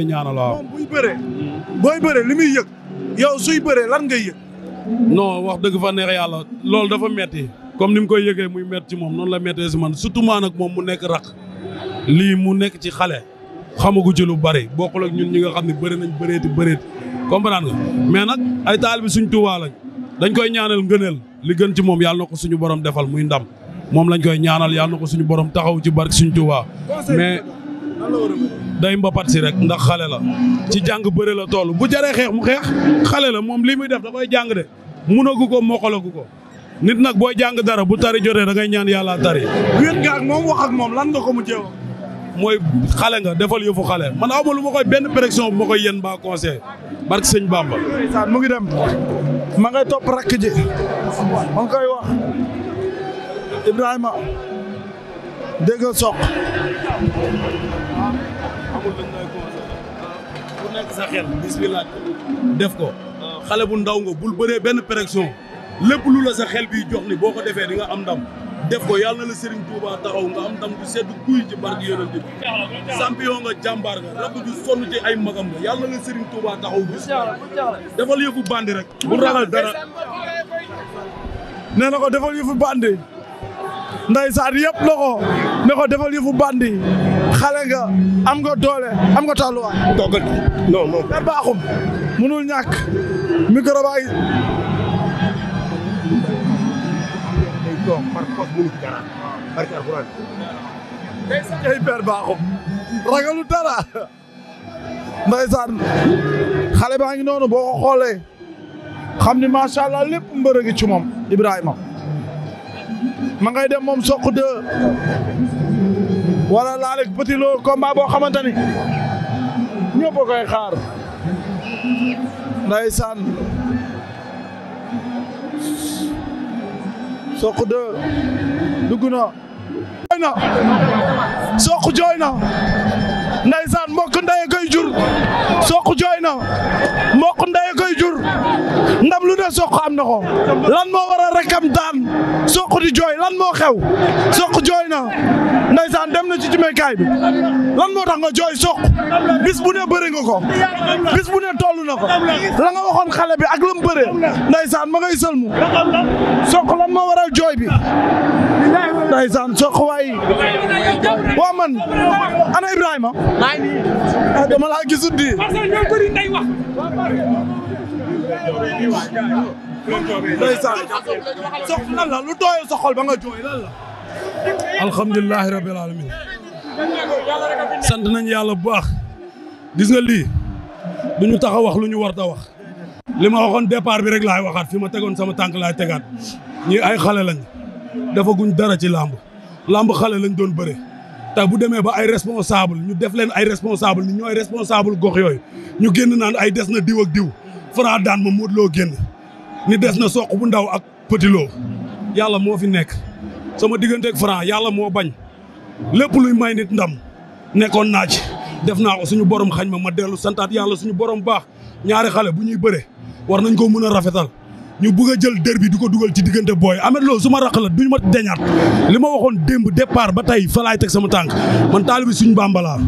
ñaanal waaw moom buy bëree booy bëree li muy yëg yow suy bëree lan ngay yëg no wax dëgg fa neex yàlla loolu dafa metti comme ni mu koy yëgee muy metti ci moom noonu la mettee si man surtout maa nag moom mu nekk raq lii mu nekk ci xale xamagu ci lu bari bokkul ak ñun ñi nga xam ne bëri nañ bëreeti bëreeti comprendre nga mais nag ay taalibe suñ Tuubaa lañ dañ koy ñaanal ngëneel li gën ci moom yàlla na ko suñu borom defal muy ndam moom lañ koy ñaanal yàlla na ko suñu borom taxaw ci barke suñ Tuubaa day mbapat si rek ndax xale la ci jàng bëre la toll bu jaree xeex mu xeex xale la moom li muy def da koy jàng de munagu ko mokkalagu ko nit nag booy jàng dara bu tari jotee da ñaan yàlla tari. wéet nga ak moom wax ak moom lan nga ko mu jéem. mooy xale nga defal yëfu xale man aw ma lu ma koy benn pression bu ma koy yéen ba conseil barke sëñ Bamba. mu ngi dem ma ngay topp rakk ji ma wax Ibrahima. dégg nga soq. xel bismillah def ko xale bu ndaw nga bul bëree benn pression lépp lu la sa xel bi jox ni boo ko defee di nga am ndam def ko yàlla na la Serigne Touba taxaw nga am ndam bu sedd kuy ci barke yonent bi champion nga jàmbaar nga rab ju sonn ci ay magam nga yàlla na la Serigne Touba taxaw bis defal yëfu bandi rek bu ragal dara nee na ko defal yëfu bandi ndeysaan yëpp na ko ne ko defal yëfu bandi xale nga am nga doole am nga tàlluwaay. toogal non non. da baaxum munul ñàkk micro baay. ay père baaxum ragalu dara ndeysaan xale baa ngi noonu boo xoolee xam ni macha allah lépp mbër a ci moom Ibrahima. ma ngay dem moom Sokh 2 wala laaleeg Petit Lo combat boo xamante ni ñëpp a koy xaar ndeysaan Sokh 2 dugg na jooy na Sokh jooy na ndeysaan mbokk ndey koy jur Sokh jooy ndab lu ne soq am na ko lan moo waral rakam daan soq di jooy lan moo xew soq jooy na ndeysaan dem na ci jumekaay bi lan moo tax nga jooy soq bis bu ne bëri nga ko bis bu ne toll na ko la waxoon xale bi ak la mu bëree ndeysaan ma ngay sëlmu soq lan moo waral jooy bi ndeysaan soq waay waa man ana Ibrahima ah, dama laa gisut di ndeysaan so lan la lu tooyee sa xol ba nga jooy lan la alhamdulilahi rabil alamin sant nañ yàlla bu baax gis nga lii duñu tax a wax lu ñu war ta wax li ma waxoon départ bi rek lay waxaat fi ma tegoon sama tànk laay tegaat ñii ay xale lañ dafa guñ dara ci làmb làmb xale lañ doon bëre te bu demee ba ay responsable ñu def leen ay responsable ni ñooy responsable gox yooyu ñu génn naan ay des na diw ak diw Franc daan ma Modou génn ni des na soq bu ndaw ak Petit Lo yàlla moo fi nekk sama digganteeg Franc yàlla moo bañ lépp luy may nit ndam nekkoon naa ci def naa ko suñu borom xañ ma ma dellu santaat yàlla suñu borom baax ñaari xale bu ñuy bëre war nañ ko mun a rafetal ñu bëgg a jël dër bi di ko dugal ci diggante booy Ameth loo su ma raq la duñ ma deñaat li ma waxoon démb départ ba tey fa laay teg sama tànk man taalibi suñ Bàmba laa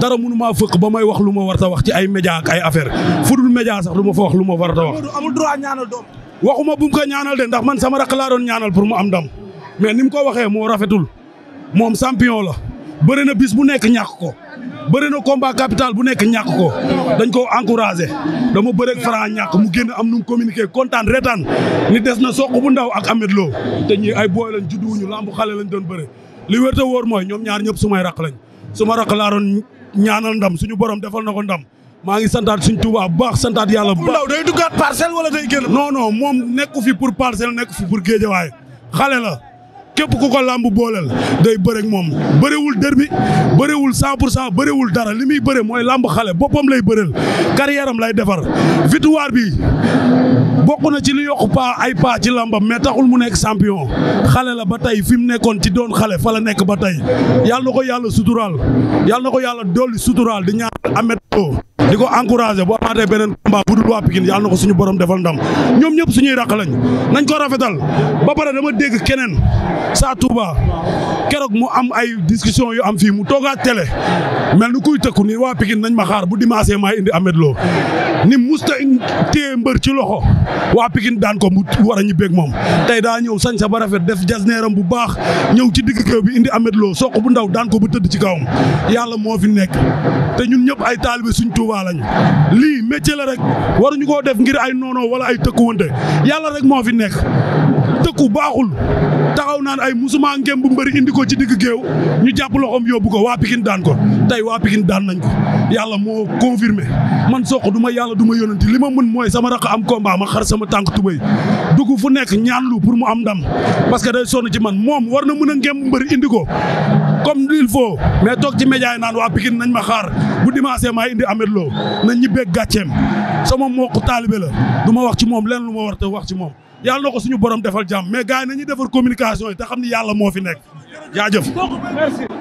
dara mënu maa fëkk ba may wax lu ma war ta wax ci ay média ay affaire fu dul média sax lu ma fa wax lu ma war ta wax amul droit ñaanal doom waxuma bu mu ko ñaanal de ndax man sama raq laa doon ñaanal pour mu am ndam mais ni mu ko waxee moo rafetul moom champion la bëri na bis bu nekk ñàkk ko bëri na combat capital bu nekk ñàkk ko dañ ko encouragé dama bëreeg Franc ñàkk mu génn am nu mu communiqué kontaan reetaan ni des na soq bu ndaw ak Ameth loo te ñi ay booy lañ judduwuñu lambu xale la lañ doon bëre li wér te wóor mooy ñoom ñaar ñëpp sumay raq lañ suma raq laa doon ñaanal ndam suñu borom defal na ko ndam maa ngi santaat suñ Tuubaa bu baax santaat yàlla bu baax. ndaw day duggaat parcelle wala day génn. non non moom nekk fi pour parcelle nekku fi pour géejawaay xale la. képp ku ko lamb booleel day bëre ak moom bëriwul derbi bëriwul 100 pour cent bëriwul dara li muy bëre mooy làmb xale boppam lay bëreel carrière am lay defar vituwaar bi bokk na ci li yokk paa ay paa ci lamba mais mu nekk champion xale la ba tey fi mu nekkoon ci doon xale fa nekk ba tey yàlla na ko yàlla sutural yàlla na ko yàlla dolli suturaal di ñaar amet di ko encouragé bu amaatee beneen combat bu dul waa Pikine yàlla na ko suñu borom defal ndam ñoom ñëpp suñuy raq lañ nañ ko rafetal ba pare dama dégg keneen saa Touba keroog mu am ay discussion yu am fii mu toogaat tele mel ni kuy tëkku ni waa Pikine nañ ma xaar bu dimanche maa indi Ahmed Lo ni musta téye mbër ci loxo waa Pikine daan ko mu war a ñibbeeg moom tey daa ñëw sañ sa ba rafet def neeram bu baax ñëw ci digg géew bi indi Ahmed Lo soq bu ndaw daan bu tëdd ci kawam yàlla moo fi nekk te ñun ñëpp ay taalibe suñ Tuubaa lii métier la rek waruñu koo def ngir ay noonoo wala ay tëkkuwante yàlla rek moo fi nekk tëkku baaxul taxaw naan ay musuma ngem bu mbëri indi ko ci digg géew ñu jàpp loxoom yóbbu ko waa Pikine daan ko tey waa Pikine daan nañ ko yàlla moo confirmé man Sokh du ma yàlla du ma yónanti li ma mën mooy sama raq am combat ma xar sama tànk tubéy dugg fu nekk ñaan lu pour mu am ndam parce que day sonn ci man moom war na mën a ngem bu indi ko comme il faut mais toog ci média yi naan waa Pikine nañ ma xaar bu dimanche maa indi Ameth Lo nañ ñibbeeg gàcceem sama mbokku taalibe la du ma wax ci moom lenn lu ma war te wax ci moom yàlla na ko suñu borom defal jàmm mais gars yi nañuy defar communication yi te xam ni yàlla moo fi nekk jaajëf.